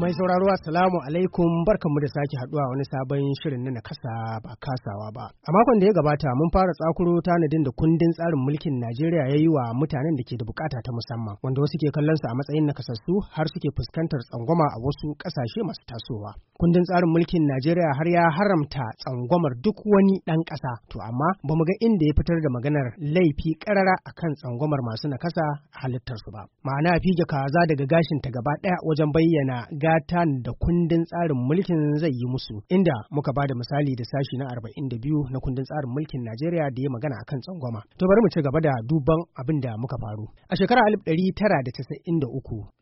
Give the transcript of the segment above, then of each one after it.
Mai sauraro Assalamu alaikum barkanmu da sake haduwa wani sabon shirin na nakasa ba kasawa ba. A makon da ya gabata mun fara tsakuro tanadin da kundin tsarin mulkin Najeriya ya yi wa mutanen da ke da bukata ta musamman wanda wasu ke kallon su a matsayin nakasassu har suke fuskantar tsangwama a wasu kasashe masu tasowa. Kundin tsarin mulkin Najeriya har ya haramta tsangwamar duk wani dan kasa to amma ba mu ga inda ya fitar da maganar laifi karara akan tsangwamar masu nakasa a halittarsu ba. Ma'ana fige kaza daga gashin ta gaba daya wajen bayyana ya da kundin tsarin mulkin zai yi musu inda muka ba da misali da sashi na 42 na kundin tsarin mulkin Najeriya da ya magana akan tsangwama. To bari mu ci gaba da duban abin da muka faru. A shekarar 1993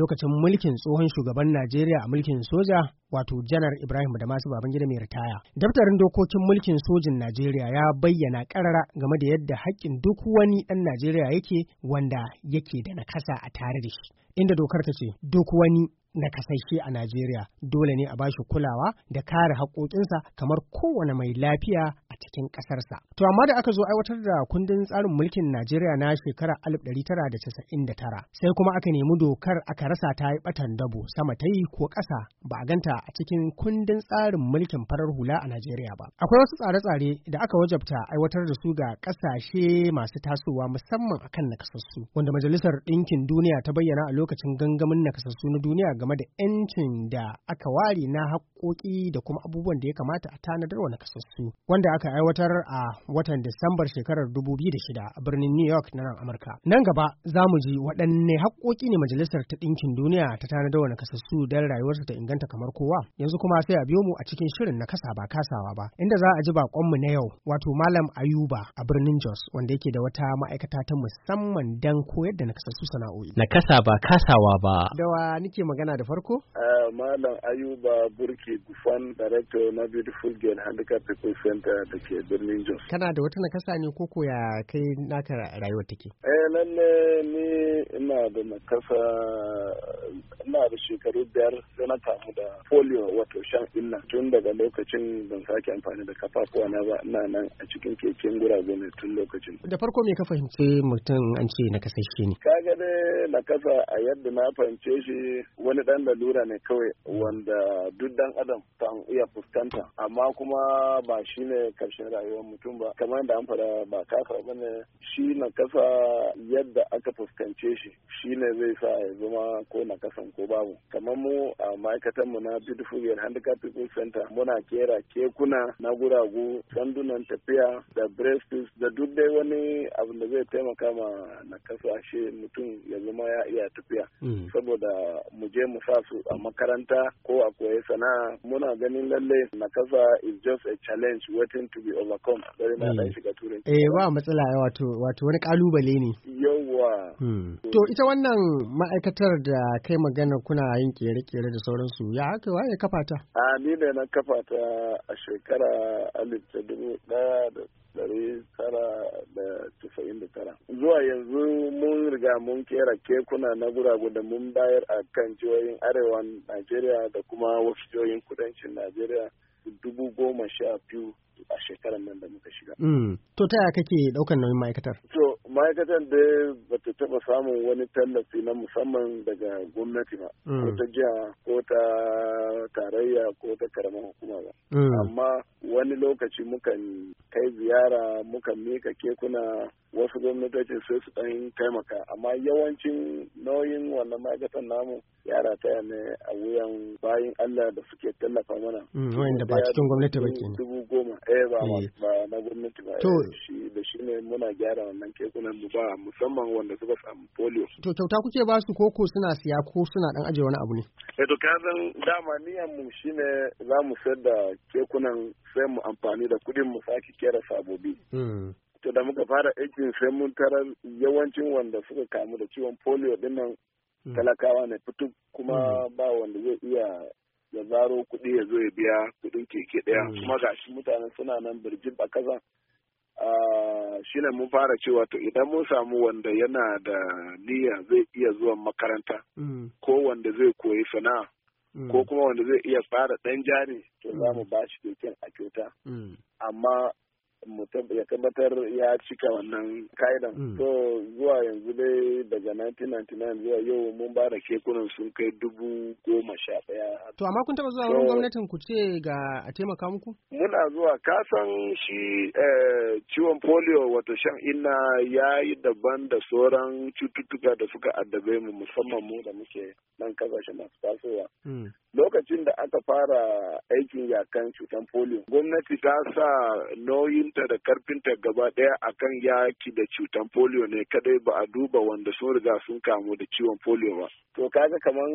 lokacin mulkin tsohon shugaban Najeriya a mulkin soja wato janar Ibrahim da masu baban gida mai ritaya. Daftarin dokokin mulkin sojin Najeriya ya bayyana karara game da yadda haƙƙin duk wani ɗan Najeriya yake wanda yake da nakasa a tare da shi. inda dokar ta ce duk wani nakasashe a Najeriya dole ne a bashi kulawa da kare haƙoƙinsa kamar kowane mai lafiya cikin ƙasarsa. To amma da aka zo aiwatar da kundin tsarin mulkin Najeriya na shekara 1999 sai kuma aka nemi dokar aka rasa ta yi ɓatan dabo sama ta yi ko ƙasa ba a ganta a cikin kundin tsarin mulkin farar hula a Najeriya ba. Akwai wasu tsare-tsare da aka wajabta aiwatar da su ga ƙasashe masu tasowa musamman a kan nakasassu wanda Majalisar Ɗinkin Duniya ta bayyana a lokacin gangamin nakasassu na duniya game da 'yancin da aka ware na haƙƙoƙi da kuma abubuwan da ya kamata a tanadar wa nakasassu wanda aka aka aiwatar a watan Disambar shekarar 2006 a birnin New York na nan Amurka. Nan gaba za mu ji waɗanne haƙoƙi ne Majalisar ta Ɗinkin Duniya ta tanada wani nakasassu don rayuwarsa ta inganta kamar kowa. Yanzu kuma sai a biyo mu a cikin shirin na kasa ba kasawa ba, inda za a ji baƙonmu na yau wato Malam Ayuba a birnin Jos wanda yake da wata ma'aikata ta musamman don koyar da nakasassu sana'o'i. Nakasa ba kasawa ba. Dawa nike magana da farko? Eh, Malam Ayuba Burki Gufan, Director na Beautiful Girl Handicap Center take birnin Jos. Kana da wata nakasa ne ko koya kai naka rayuwa take? Eh lalle ni ina da nakasa ina da shekaru biyar sai na kamu da polio wato shan illa tun daga lokacin ban sake amfani da kafafuwa na ba ina nan a cikin keken gurabe ne tun lokacin. Da farko me ka fahimci mutum an ce shi ne? Kaga dai na kasa a yadda na fahimce shi wani dan lalura ne kawai wanda duk dan adam kan iya fuskanta amma kuma ba shi ne karshen rayuwar mutum ba kamar da an fara ba kafa ba ne shi na kasa yadda aka fuskance shi shi ne zai sa ya zama ko na kasan ko babu kamar mu a ma'aikatan mu na beautiful girl handicap people center muna kera kekuna na guragu sandunan tafiya da breast da duk dai wani abu da zai taimaka ma na kasa shi mutum ya zama ma ya iya tafiya hmm. saboda mu je mu sa su a makaranta ko a koyi sana'a muna ganin lalle na kasa is just a challenge waiting to be overcome bari na dan hmm. shiga turanci eh ba matsala wato wato wani kalubale ne yawwa hmm. to ita wannan ma'aikatar da kai magana kuna yin kere-kere da sauransu ya haka waye kafa ta a ni ne na kafata a shekara alif ta dubu ɗaya. da ɗari tara Zuwa yanzu mun riga mun kera kekuna na guragu da mun bayar a kan jihohin arewa Najeriya da kuma wasu jihohin kudancin Najeriya dubu goma sha biyu a shekarar nan da muka shiga. Mm. To ta yaya kake ɗaukar nauyin ma'aikatar? To ma'aikatan da ba ta taɓa samun wani tallafi na musamman daga gwamnati ba ko mm. ta jiya ko ta tarayya ko ta karamar hukuma ba mm. amma wani lokaci mukan kai ziyara mukan mika kekuna wasu gwamnatocin sai su ɗan taimaka amma yawancin nauyin wannan ma'aikatan namu yara taya ne a wuyan bayan Allah da suke tallafa mana. Mm, Wanda ba cikin gwamnati ba kenan. Dubu goma, eh, eh ba na gwamnati ba. To. Eh, shi ne muna gyara wannan kekuna. mutanen mu ba musamman wanda suka samu polio. To kyauta kuke ba su koko suna siya ko suna dan ajiye wani abu ne? Eh to ka dama niyan mu shine za mu sayar da kekunan sai mu amfani da kuɗin mu sake kera sabobi. Hmm. To da muka fara aikin sai mun tarar yawancin wanda suka kamu da ciwon polio dinnan hmm. talakawa ne fitu kuma hmm. ba wanda zai iya ya zaro kuɗi ya zo ya biya kuɗin keke ɗaya kuma gashi mutane suna nan birjib a kaza Ah, shi ne mun fara cewa to idan mun samu wanda yana da niyya zai iya zuwa makaranta mm. ko wanda zai koyi sana'a mm. ko kuma wanda zai iya fara ɗan jari to za mu mm. ba shi keken a kyauta amma ya tabbatar ya cika wannan ka'idan. Hmm. So zuwa yanzu dai daga 1999 zuwa yau mun ba da kekunan sun kai dubu goma sha ɗaya. To amma kun taɓa zuwa wurin gwamnatin ku ce ga a taimaka muku? Muna zuwa kasan shi eh, ciwon polio wato shan inna ya yi daban da sauran cututtuka da suka addabe mu musamman mu da muke nan kasashe masu tasowa. Hmm. Lokacin da aka fara aikin yakan cutan polio, gwamnati ta sa nauyin ta da karfinta gaba daya akan yaki da cutan polio ne kadai ba a duba wanda sun riga sun kamu da ciwon polio ba to kaga kaman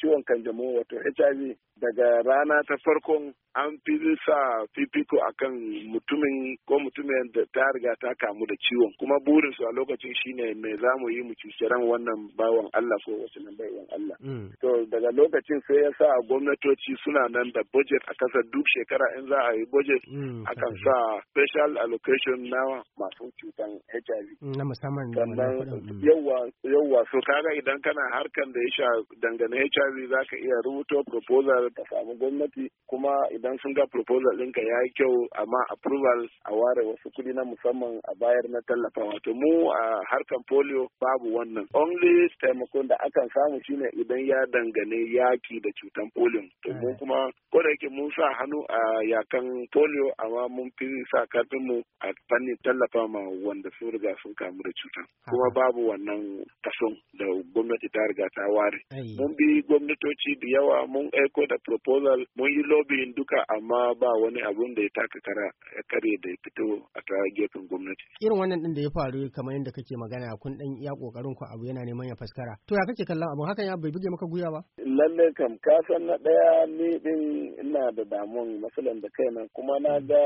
ciwon kanjamo wato HIV daga rana ta farkon an fi sa fifiko akan mutumin ko mutumin da ta riga ta kamu da ciwon kuma burin su a lokacin shine me za mu yi mu ran wannan bawan Allah ko wasu nan bayan Allah mm. to daga lokacin sai ya sa gwamnatoci suna nan da budget a kasa duk shekara in za a yi budget mm, akan sa special special allocation na masu cutan HIV. Na musamman sannan mm. yawa yawa so kaga idan kana harkan da ya sha dangane HIV za ka iya rubuto proposal ka samu gwamnati kuma idan sun ga proposal ɗinka ya yi kyau amma approval a ware wasu kuɗi na musamman a bayar na tallafa wato mu a harkan polio babu wannan. Only taimakon da akan samu shine idan ya dangane yaki da cutan polio. To mu eh. kuma ko da yake mun sa hannu a yakan polio amma mun fi sa kan mu a fannin tallafa ma wanda sun riga sun kamu da cutar kuma babu wannan kason da gwamnati ta riga ta ware mun bi gwamnatoci da yawa mun aiko da proposal mun yi lobbying duka amma ba wani abun da ya taka kara kare da ya fito a ta gefen gwamnati irin wannan din da ya faru kamar yadda kake magana kun dan iya kokarin ku abu yana neman ya fuskara to ya kake kallon abu hakan ya bai buge maka guya ba lalle kam ka san na daya ni din ina da damuwa masalan da kaina kuma na ga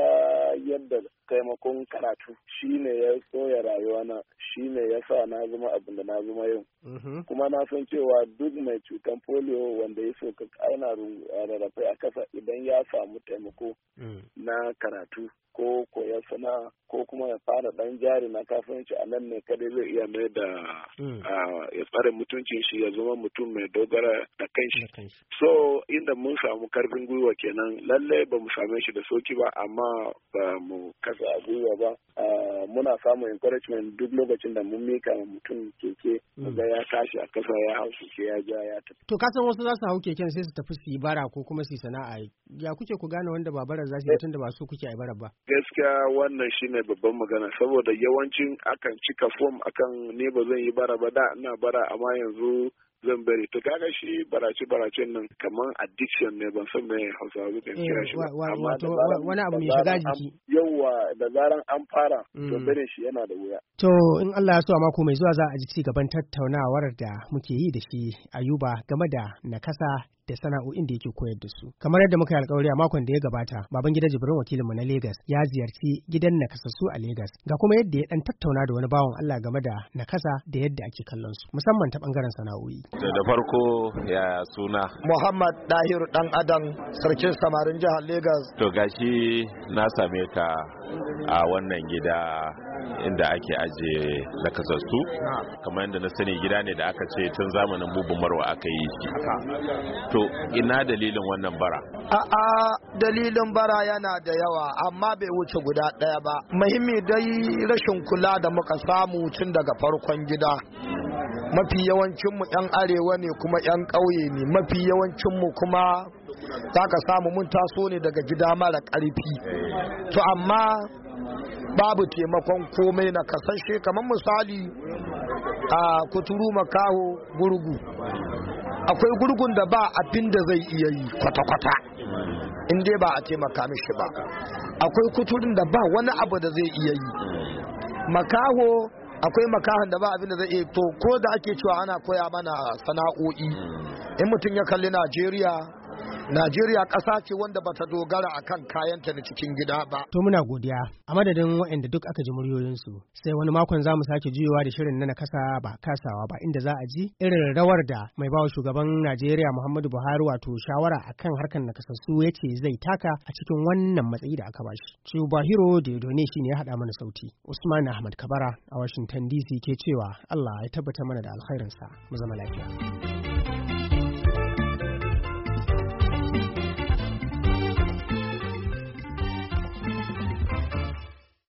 yadda taimakon karatu Shi ne ya soya Shi ne ya sa na zama abin da na zama yau mm-hmm. kuma na san cewa duk mai cutan polio wanda ya soka aina rarrafe a kasa idan ya samu taimako mm. na karatu ko koya sana'a ko kuma ya fara dan jari na kasuwanci a nan ne kadai zai iya mai da hmm. ya tsare mutuncin shi ya zama mutum mai dogara da kanshi so inda mun samu karfin gwiwa kenan lalle ba mu same shi da soki ba amma ba mu kasa gwiwa ba muna samun encouragement duk lokacin da mun mika ma mutum keke ga ya tashi a kasa ya hau ya ja ya tafi to kasan wasu za su hau keken sai su tafi su yi bara ko kuma su yi sana'a ya kuke ku gane wanda ba bara za su yi eh. tun da ba su kuke a bara ba gaskiya wannan shine babban magana saboda yawancin akan cika fom akan ne ba zan yi bara ba da ina bara amma yanzu zan bari to kaga shi barace baracen nan kaman addiction ne ban san me Hausawa suke kira eh, shi amma wani abu mai shiga jiki yawa da zaran an fara to mm. barin shi yana da wuya to in Allah ya so mako mai zuwa za a ji cigaban gaban tattaunawar da muke yi da shi Ayuba game da nakasa da sana'o'in da yake koyar da su kamar yadda muka yi alkawari a makon da ya gabata baban gida jibrin wakilin mu na Legas ya ziyarci gidan nakasassu a Legas ga kuma yadda ya dan tattauna da wani bawan Allah game da nakasa da yadda ake kallon su musamman ta bangaren sana'o'i da farko ya suna muhammad dahiru dan adam sarkin samarin jihar Legas. to gashi na same ka a wannan gida inda ake aje nakasassu kamar yadda na sani gida ne da aka ce tun zamanin bubu marwa aka yi to ina dalilin wannan bara a'a dalilin bara yana da yawa amma bai wuce guda ɗaya ba muhimmi dai rashin kula da muka samu tun daga farkon gida mafi yawancinmu 'yan arewa ne kuma 'yan ƙauye ne mafi yawancinmu kuma za ka samu mun taso ne daga gida mara ƙarfi to amma babu taimakon komai na kasashe kamar misali a kuturu makaho gurgu akwai gurgun da ba abin da zai iya yi kwata-kwata in dai ba a taimaka mishi ba akwai kuturin da ba wani abu da zai iya yi makaho akwai makahan da ba abin da zai iya to ko da ake cewa ana koya mana sana'o'i hmm. in mutum ya kalli najeriya Najeriya ƙasa ce wanda ba ta dogara a kan kayanta na cikin gida ba. To muna godiya a madadin waɗanda duk aka ji muryoyinsu sai wani makon za mu sake juyowa da shirin na nakasa ba kasawa ba inda za a ji irin rawar da mai bawa shugaban Najeriya Muhammadu Buhari wato shawara akan harkar nakasassu ya ce zai taka a cikin wannan matsayi da aka ba bashi. Chubahiro da shi ne ya haɗa mana sauti. Usman Ahmad Kabara a Washington DC ke cewa Allah ya tabbata mana da alkhairinsa mu zama lafiya.